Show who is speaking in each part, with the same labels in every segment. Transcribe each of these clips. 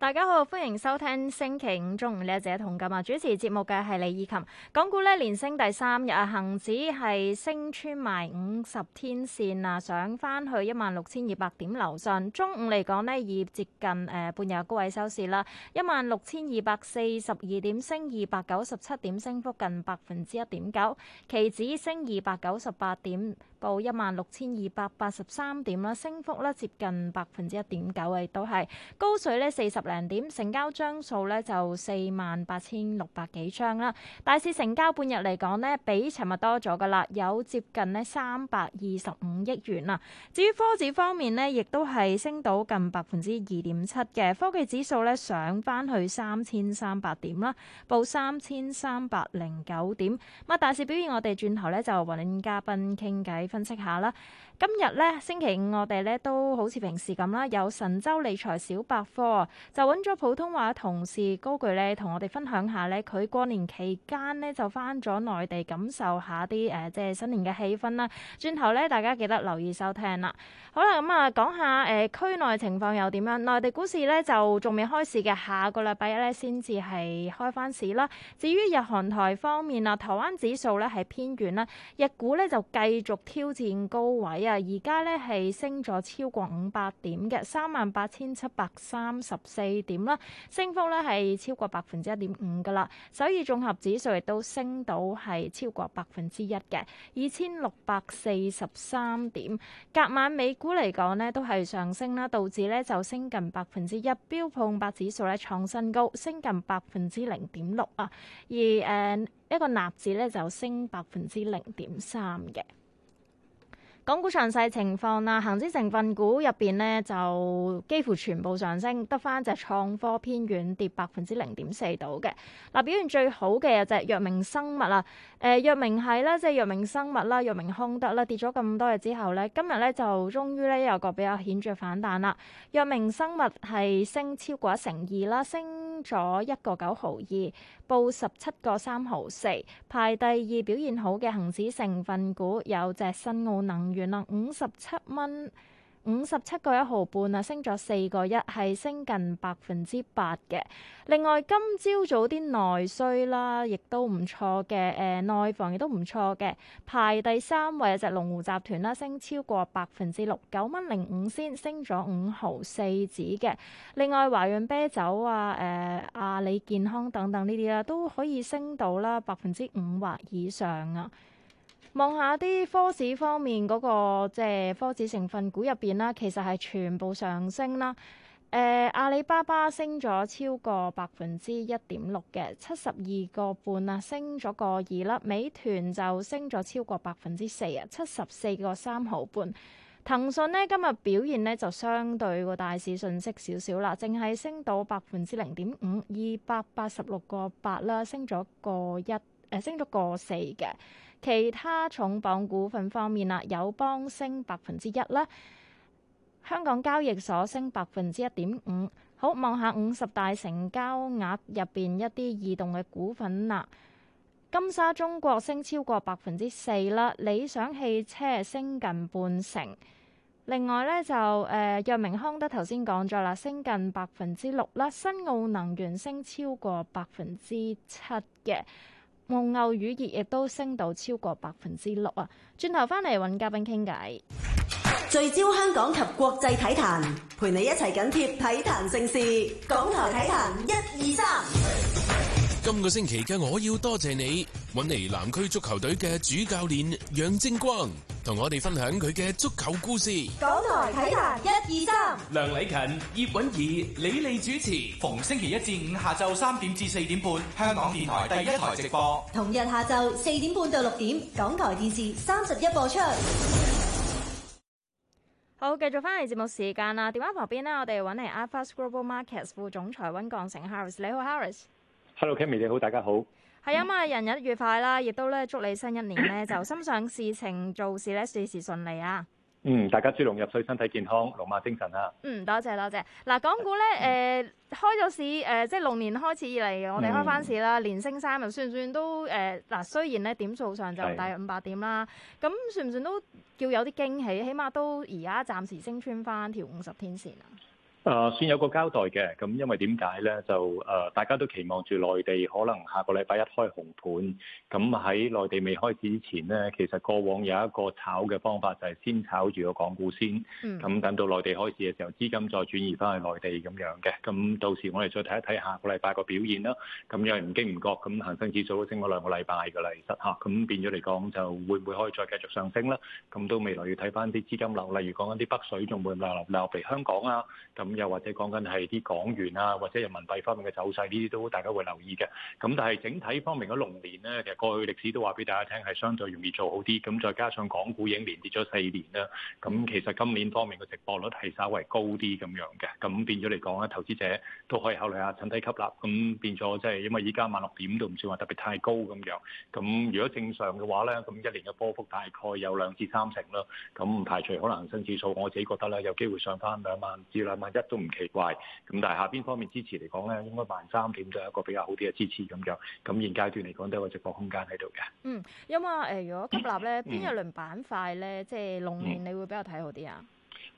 Speaker 1: 大家好，歡迎收聽星期五中午呢一節《同今》啊！主持節目嘅係李以琴。港股咧連升第三日，恒指係升穿埋五十天線啊，上返去一萬六千二百點樓上。中午嚟講呢，以接近誒、呃、半日高位收市啦，一萬六千二百四十二點，升二百九十七點，升幅近百分之一點九。期指升二百九十八點。報一萬六千二百八十三點啦，升幅咧接近百分之一點九嘅，亦都係高水咧四十零點，成交張數咧就四萬八千六百幾張啦。大市成交半日嚟講咧，比尋日多咗噶啦，有接近咧三百二十五億元啊。至於科技方面咧，亦都係升到近百分之二點七嘅，科技指數咧上翻去三千三百點啦，報三千三百零九點。啊，大市表現，我哋轉頭咧就揾嘉賓傾偈。分析下啦，今日咧星期五我，我哋咧都好似平時咁啦，有神州理財小百科就揾咗普通話同事高巨咧，同我哋分享下咧，佢過年期間咧就翻咗內地感受下啲誒、呃，即係新年嘅氣氛啦。轉頭咧，大家記得留意收聽啦。好啦，咁、嗯、啊，講下誒區內情況又點樣？內地股市咧就仲未開市嘅，下個禮拜一咧先至係開翻市啦。至於日韓台方面啊，台灣指數咧係偏軟啦，日股咧就繼續。挑戰高位啊！而家咧係升咗超過五百點嘅三萬八千七百三十四點啦，升幅咧係超過百分之一點五噶啦。首爾綜合指數亦都升到係超過百分之一嘅二千六百四十三點。隔晚美股嚟講呢都係上升啦，道指咧就升近百分之一，標普五百指數咧創新高，升近百分之零點六啊。而誒、呃、一個納指咧就升百分之零點三嘅。港股詳細情況啦，恆指成分股入邊咧就幾乎全部上升，得翻隻創科偏軟，跌百分之零點四度嘅。嗱，表現最好嘅就係藥明生物啦，誒藥明係咧，即係藥明生物啦、藥明康德啦，跌咗咁多日之後呢，今日咧就終於咧有個比較顯著反彈啦。藥明生物係升超過一成二啦，升咗一個九毫二，報十七個三毫四，排第二表現好嘅恆指成分股有隻新奧能源。五十七蚊，五十七個一毫半啊，升咗四個一，係升近百分之八嘅。另外，今朝早啲內需啦，亦都唔錯嘅。誒、呃，內房亦都唔錯嘅，排第三位啊，隻龍湖集團啦，升超過百分之六，九蚊零五先，升咗五毫四子嘅。另外，華潤啤酒啊，誒、呃，阿里健康等等呢啲啦，都可以升到啦百分之五或以上啊。望下啲科指方面嗰個即係科指成分股入邊啦，其實係全部上升啦。誒、呃，阿里巴巴升咗超過百分之一點六嘅，七十二個半啊，升咗個二粒。美團就升咗超過百分之四啊，七十四個三毫半。騰訊呢，今日表現呢，就相對個大市遜色少少啦，淨係升到百分之零點五二百八十六個八啦，升咗個一。啊、升咗個四嘅，其他重磅股份方面啦，友邦升百分之一啦，香港交易所升百分之一點五。好望下五十大成交額入邊一啲異動嘅股份啦，金沙中國升超過百分之四啦，理想汽車升近半成。另外咧就誒，呃、藥明康德頭先講咗啦，升近百分之六啦，新奧能源升超過百分之七嘅。蒙牛乳業亦都升到超過百分之六啊！轉頭翻嚟揾嘉賓傾偈，聚焦香港及國際體壇，陪你一齊緊貼體壇盛事，港台體壇一、二、三。
Speaker 2: 今個星期嘅我要多謝你揾嚟南區足球隊嘅主教練楊正光，同我哋分享佢嘅足球故事。
Speaker 1: 港台睇達一二三，1,
Speaker 2: 2, 梁禮勤、葉允儀、李麗主持。逢星期一至五下晝三點至四點半，香港電台第一台直播。
Speaker 1: 同日下晝四
Speaker 2: 點半到六點，港台電視三十一播出。
Speaker 1: 好，繼續翻嚟節目時間啦。電話旁邊呢，我哋揾嚟 IFAS Global Markets 副總裁溫鋼城 Harris。你好，Harris。
Speaker 2: Hello，Kimmy，你好，大家好。
Speaker 1: 係啊，嘛，人日愉快啦，亦都咧祝你新一年咧就心想事情做事咧事事順利啊。
Speaker 2: 嗯，大家豬籠入水，身體健康，龍馬精神啊。
Speaker 1: 嗯，多謝多謝。嗱、啊，港股咧，誒、呃，開咗市，誒、呃，即係龍年開始以嚟，我哋開翻市啦，連、嗯、升三，又算唔算都誒？嗱、呃，雖然咧點數上就大約五百點啦，咁的算唔算都叫有啲驚喜？起碼都而家暫時升穿翻條五十天線啊。
Speaker 2: 誒算有個交代嘅，咁因為點解咧？就誒大家都期望住內地可能下個禮拜一開紅盤，咁喺內地未開市之前咧，其實過往有一個炒嘅方法就係先炒住個港股先，咁等到內地開市嘅時候，資金再轉移翻去內地咁樣嘅。咁到時我哋再睇一睇下個禮拜個表現啦。咁有人唔經唔覺，咁恒生指數都升咗兩個禮拜噶啦，其實嚇，咁變咗嚟講就會唔會可以再繼續上升啦？咁都未來要睇翻啲資金流，例如講緊啲北水仲會唔會流流流嚟香港啊？咁又或者講緊係啲港元啊，或者人民幣方面嘅走勢，呢啲都大家會留意嘅。咁但係整體方面嘅龍年呢，其實過去歷史都話俾大家聽係相對容易做好啲。咁再加上港股已經連跌咗四年啦，咁其實今年方面嘅值博率係稍為高啲咁樣嘅。咁變咗嚟講咧，投資者都可以考慮下趁低吸納。咁變咗即係因為依家萬六點都唔算話特別太高咁樣。咁如果正常嘅話呢，咁一年嘅波幅大概有兩至三成啦。咁唔排除可能升指數，我自己覺得咧有機會上返兩萬至兩萬一。都唔奇怪，咁但係下邊方面支持嚟講咧，應該萬三點都係一個比較好啲嘅支持咁樣。咁現階段嚟講都係有個直播空間喺度嘅。嗯，
Speaker 1: 因冇啊？誒，如果吸納咧，邊一輪板塊咧，即係龍年你會比較睇好啲啊？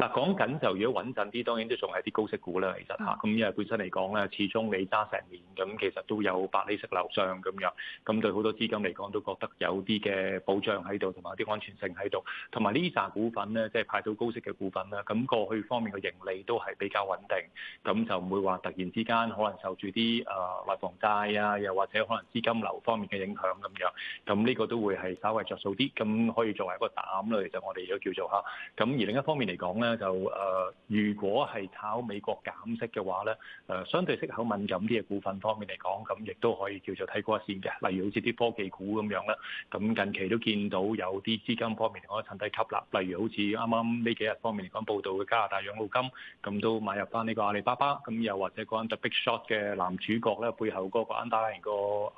Speaker 2: 嗱講緊就如果穩陣啲，當然都仲係啲高息股啦。其實嚇，咁因為本身嚟講咧，始終你揸成年咁，其實都有百厘息流上咁樣，咁對好多資金嚟講都覺得有啲嘅保障喺度，同埋啲安全性喺度。同埋呢扎股份咧，即係派到高息嘅股份啦。咁過去方面嘅盈利都係比較穩定，咁就唔會話突然之間可能受住啲誒賣房債啊，又或者可能資金流方面嘅影響咁樣。咁呢個都會係稍微着數啲，咁可以作為一個膽啦。其實我哋都叫做嚇。咁而另一方面嚟講咧。就誒、呃，如果係炒美國減息嘅話咧，誒、呃、相對息口敏感啲嘅股份方面嚟講，咁亦都可以叫做睇過線嘅。例如好似啲科技股咁樣啦，咁近期都見到有啲資金方面可能趁低吸納。例如好似啱啱呢幾日方面嚟講報道嘅加拿大養老金，咁都買入翻呢個阿里巴巴。咁又或者嗰間 The Big Short 嘅男主角咧，背後嗰個 u n d e 個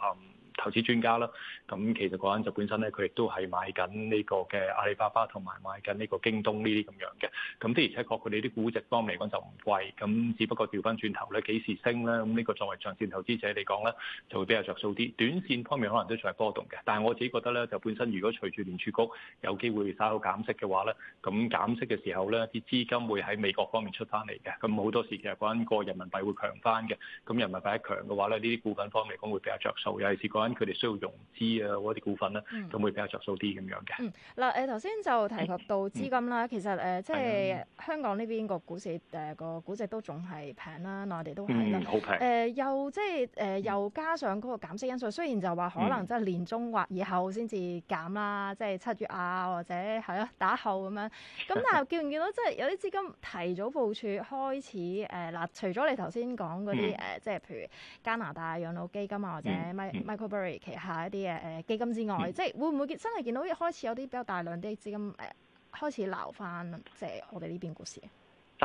Speaker 2: 投資專家啦，咁其實嗰陣就本身咧，佢亦都係買緊呢個嘅阿里巴巴同埋買緊呢個京東呢啲咁樣嘅，咁的而且確佢哋啲估值方面嚟講就唔貴，咁只不過調翻轉頭咧幾時升咧，咁呢個作為長線投資者嚟講咧就會比較着數啲，短線方面可能都仲係波動嘅，但係我自己覺得咧就本身如果隨住聯儲局有機會搞到減息嘅話咧，咁減息嘅時候咧啲資金會喺美國方面出翻嚟嘅，咁好多時其實嗰陣個人，人民幣會強翻嘅，咁人民幣一強嘅話咧呢啲股份方面嚟講會比較着數，尤其是佢哋需要融資啊，或者股份啦，咁會比較着數啲咁樣嘅。
Speaker 1: 嗱、嗯，誒頭先就提及到資金啦，嗯、其實誒即係香港呢邊個股市誒個、呃、估值都仲係平啦，內地都係啦，好平、誒、嗯呃、又即係誒又加上嗰個減息因素，雖然就話可能即係年中或以後先至減啦，嗯、即係七月啊或者係啊，打後咁樣。咁但係見唔見到 即係有啲資金提早部署開始誒嗱、呃呃？除咗你頭先講嗰啲誒，即係、嗯呃呃、譬如加拿大，大養老基金啊，或者咪咪、嗯旗下一啲誒誒基金之外，嗯、即係會唔會見真係見到一開始有啲比較大量啲資金誒、呃、開始流翻，即係我哋呢邊故事。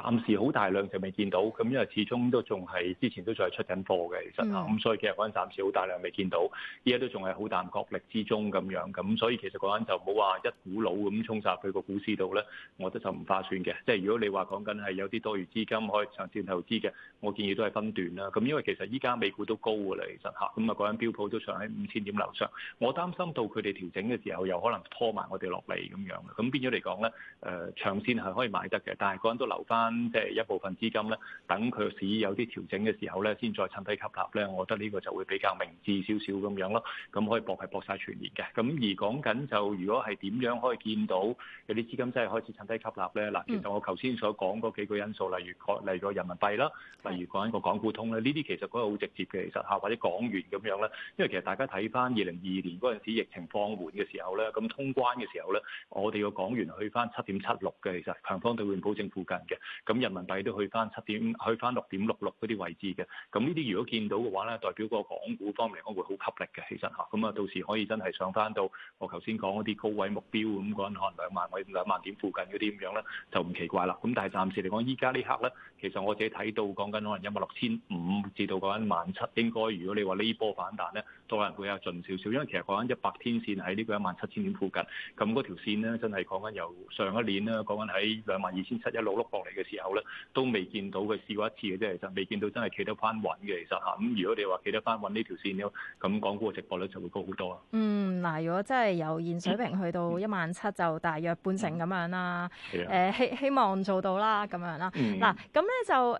Speaker 2: 暫時好大量就未見到，咁因為始終都仲係之前都仲係出緊貨嘅，其實嚇，咁、嗯、所以其實嗰陣暫時好大量未見到，依家都仲係好淡角力之中咁樣，咁所以其實嗰陣就冇話一股腦咁衝曬去個股市度咧，我覺得就唔劃算嘅。即係如果你話講緊係有啲多餘資金可以長線投資嘅，我建議都係分段啦。咁因為其實依家美股都高㗎啦，其實嚇，咁啊嗰陣標普都上喺五千點樓上，我擔心到佢哋調整嘅時候，又可能拖埋我哋落嚟咁樣嘅。咁變咗嚟講咧，誒、呃、長線係可以買得嘅，但係嗰陣都留翻。即係一部分資金咧，等佢市有啲調整嘅時候咧，先再趁低吸納咧。我覺得呢個就會比較明智少少咁樣咯。咁可以博係博晒全年嘅。咁而講緊就，如果係點樣可以見到有啲資金真係開始趁低吸納咧？嗱、嗯，其實我頭先所講嗰幾個因素，例如講例如個人民幣啦，是例如講一個港股通咧，呢啲其實都係好直接嘅。其實嚇或者港元咁樣咧，因為其實大家睇翻二零二二年嗰陣時疫情放緩嘅時候咧，咁通關嘅時候咧，我哋個港元去翻七點七六嘅，其實強方兌換保證附近嘅。咁人民幣都去翻七點，去翻六點六六嗰啲位置嘅。咁呢啲如果見到嘅話咧，代表個港股方面嚟講會好吸力嘅，其實吓，咁啊，到時可以真係上翻到我頭先講嗰啲高位目標，咁講可能兩萬或兩萬點附近嗰啲咁樣咧，就唔奇怪啦。咁但係暫時嚟講，依家呢刻咧，其實我自己睇到講緊可能一萬六千五至到講緊萬七，應該如果你話呢波反彈咧，都可能會有盡少少，因為其實講緊一百天線喺呢個一萬七千點附近，咁嗰條線咧，真係講緊由上一年咧，講緊喺兩萬二千七一路碌落嚟。說說嘅時候咧，都未見到佢試過一次嘅啫，其實未見到真係企得翻穩嘅，其實嚇。咁如果你話企得翻穩呢條線咧，咁港股嘅值博率就會高好多。嗯，
Speaker 1: 嗱，如果真係由現水平去到一萬七，就大約半成咁樣啦。誒希希望做到啦，咁樣啦。嗱，咁咧就誒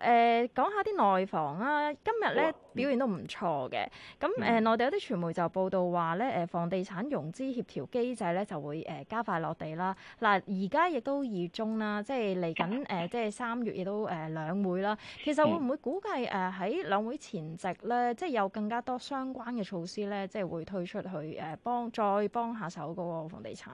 Speaker 1: 講下啲內房啦。今日咧表現都唔錯嘅。咁誒內地有啲傳媒就報道話咧，誒房地產融資協調機制咧就會誒加快落地啦。嗱，而家亦都二中啦，即係嚟緊誒即係。三月亦都誒、呃、兩會啦，其實會唔會估計誒喺、嗯呃、兩會前夕咧，即係有更加多相關嘅措施咧，即係會推出去誒幫再幫下手個房地產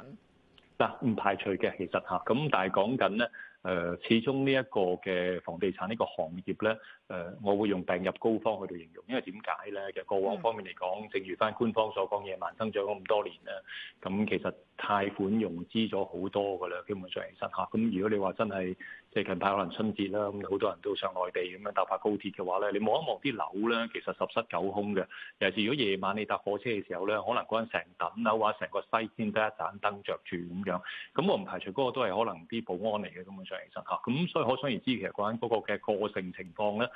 Speaker 2: 嗱，唔、嗯、排除嘅其實嚇咁，但係講緊咧誒，始終呢一個嘅房地產呢個行業咧誒、呃，我會用病入膏肓去到形容，因為點解咧其實過往方面嚟講，正如翻官方所講嘢慢增長咗咁多年咧，咁其實貸款融資咗好多㗎喇，基本上其實嚇咁，如果你話真係。即近排可能春節啦，咁好多人都上內地咁樣搭架高鐵嘅話咧，你望一望啲樓咧，其實十室九空嘅。尤其是如果夜晚你搭火車嘅時候咧，可能嗰陣成棟樓或者成個西天得一盞燈着住咁樣。咁我唔排除嗰個都係可能啲保安嚟嘅，根本上其實嚇。咁所以可想而知，其實講緊嗰個嘅個性情況咧，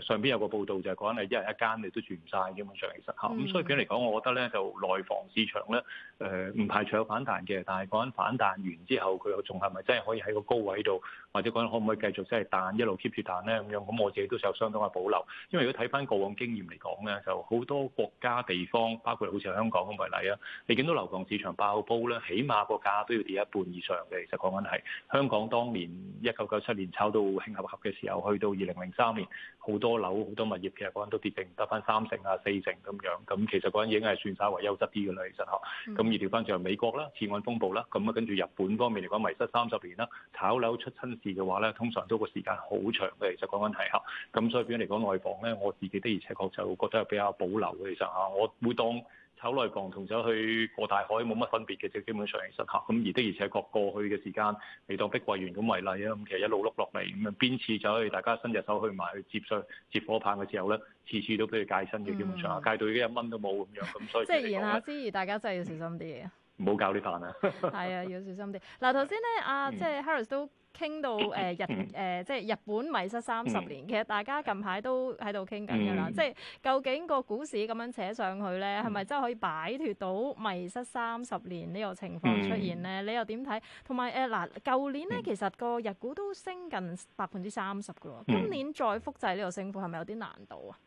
Speaker 2: 誒上邊有個報道就係講係一人一間你都住唔晒。根本上其實嚇。咁、嗯、所以點嚟講，我覺得咧就內房市場咧，誒、呃、唔排除有反彈嘅，但係講緊反彈完之後，佢又仲係咪真係可以喺個高位度？或者講可唔可以繼續即係彈一路 keep 住彈咧咁樣，咁我自己都有相當嘅保留。因為如果睇翻過往經驗嚟講咧，就好多國家地方，包括好似香港咁為例啊，你見到樓房市場爆煲咧，起碼個價都要跌一半以上嘅。其實講緊係香港當年一九九七年炒到興合合嘅時候，去到二零零三年，好多樓好多物業其實講緊都跌剩得翻三成啊、四成咁樣。咁其實嗰陣已經係算稍為優質啲嘅啦。其實學咁、嗯、而調翻轉美國啦，次按風暴啦，咁啊跟住日本方面嚟講迷失三十年啦，炒樓出親嘅話咧，通常都個時間好長嘅。其實講緊提。嚇咁，所以變咗嚟講內房咧，我自己的而且確就覺得係比較保留嘅。其實嚇我會當炒內房同走去過大海冇乜分別嘅啫。就係、基本上其實吓咁而的而且確過去嘅時間，未當碧桂園咁為例啊。咁其實一路碌落嚟咁樣，邊次走去，大家伸隻手去埋去接衰接火棒嘅時候咧，次次都畀佢戒身嘅、嗯、基本上戒到已經一蚊都冇咁樣咁，嗯、所以即係言下
Speaker 1: 之意，大家真係要小心啲嘢，啊！
Speaker 2: 唔好搞呢壇啊，
Speaker 1: 係啊，要小心啲嗱。頭先咧啊，即、就、係、是、Harris 都、嗯。嗯傾到誒、呃、日誒、呃，即係日本迷失三十年，嗯、其實大家近排都喺度傾緊㗎啦。嗯、即係究竟個股市咁樣扯上去咧，係咪、嗯、真係可以擺脫到迷失三十年呢個情況出現咧？嗯、你又點睇？同埋誒嗱，舊、呃、年咧其實個日股都升近百分之三十㗎喎，今年再複製呢個升幅係咪有啲難度啊？嗯嗯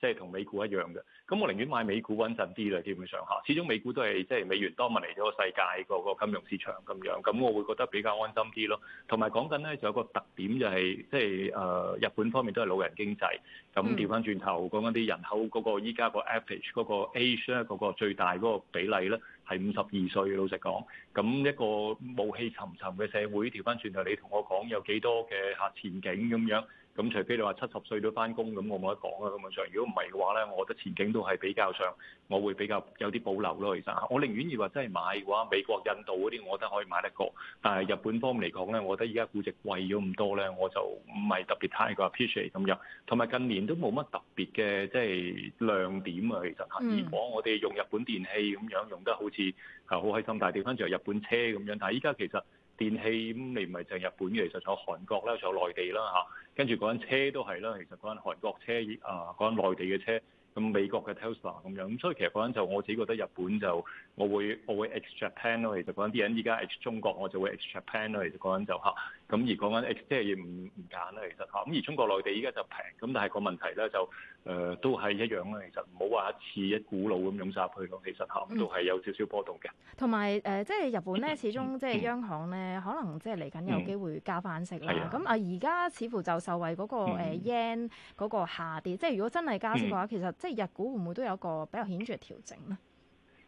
Speaker 2: 即係同美股一樣嘅，咁我寧願買美股穩陣啲啦，基本上嚇，始終美股都係即係美元當萬嚟咗個世界個個金融市場咁樣，咁我會覺得比較安心啲咯。同埋講緊咧，仲有個特點就係、係、即係誒、呃、日本方面都係老人經濟，咁調翻轉頭講緊啲人口嗰個依家個 average 嗰個 age 嗰個最大嗰個比例咧係五十二歲。老實講，咁一個暮氣沉沉嘅社會，調翻轉頭你同我講有幾多嘅嚇前景咁樣？咁除非你話七十歲都翻工，咁我冇得講啊。咁樣上，如果唔係嘅話咧，我覺得前景都係比較上，我會比較有啲保留咯。其實我寧願意，我寧願而話真係買嘅話，美國、印度嗰啲，我覺得可以買得過。但係日本方面嚟講咧，我覺得依家估值貴咗咁多咧，我就唔係特別太過 appreciate 咁樣。同埋近年都冇乜特別嘅即係亮點啊。其實嚇，如果我哋用日本電器咁樣用得好似係好開心，但係調翻轉係日本車咁樣。但係依家其實電器咁你唔係淨日本嘅，其實仲有韓國啦，仲有內地啦嚇，跟住嗰陣車都係啦，其實嗰陣韓國車，啊嗰陣內地嘅車，咁美國嘅 Tesla 咁樣，咁所以其實嗰陣就我自己覺得日本就我會我會 ex Japan 咯，其實嗰陣啲人依家 ex 中國我就會 ex Japan 咯，其實嗰陣就嚇。咁而講緊即係唔唔揀啦，其實嚇咁而中國內地依家就平咁，但係個問題咧就誒都係一樣啦。其實唔好話一次一股腦咁湧晒去咯，其實嚇都係有少少波動嘅。
Speaker 1: 同埋誒，即係日本咧，始終即係央行咧，嗯、可能即係嚟緊有機會加翻息啦。咁啊、嗯，而家似乎就受惠嗰個 yen 嗰個下跌，即係如果真係加息嘅話，其實即係日股會唔會都有個比較顯著調整咧？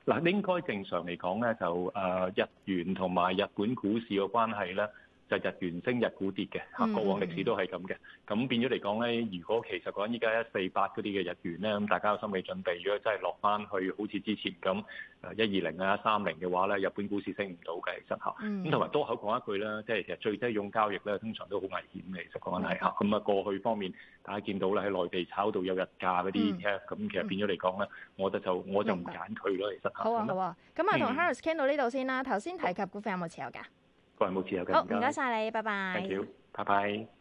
Speaker 1: 嗱、
Speaker 2: 嗯嗯嗯嗯，應該正常嚟講咧，就誒、呃、日元同埋日本股市嘅關係咧。就日元升日股跌嘅，嚇，過往歷史都係咁嘅。咁變咗嚟講咧，如果其實講依家一四八嗰啲嘅日元咧，咁大家有心理準備。如果真係落翻去好似之前咁，誒一二零啊三零嘅話咧，日本股市升唔到嘅，其實嚇。咁同埋多口講一句啦，即係其實最低用交易咧，通常都好危險嘅，其實講緊係嚇。咁啊，過去方面，大家見到啦喺內地炒到有日價嗰啲咧，咁、嗯、其實變咗嚟講咧，我覺得就我就唔揀佢咯，其實、嗯。好啊，好啊。
Speaker 1: 咁啊、嗯，同 Harris 傾到呢度先啦。頭先提及股份有冇持有㗎？
Speaker 2: 好，唔該晒你，謝謝你拜拜。唔該，拜拜。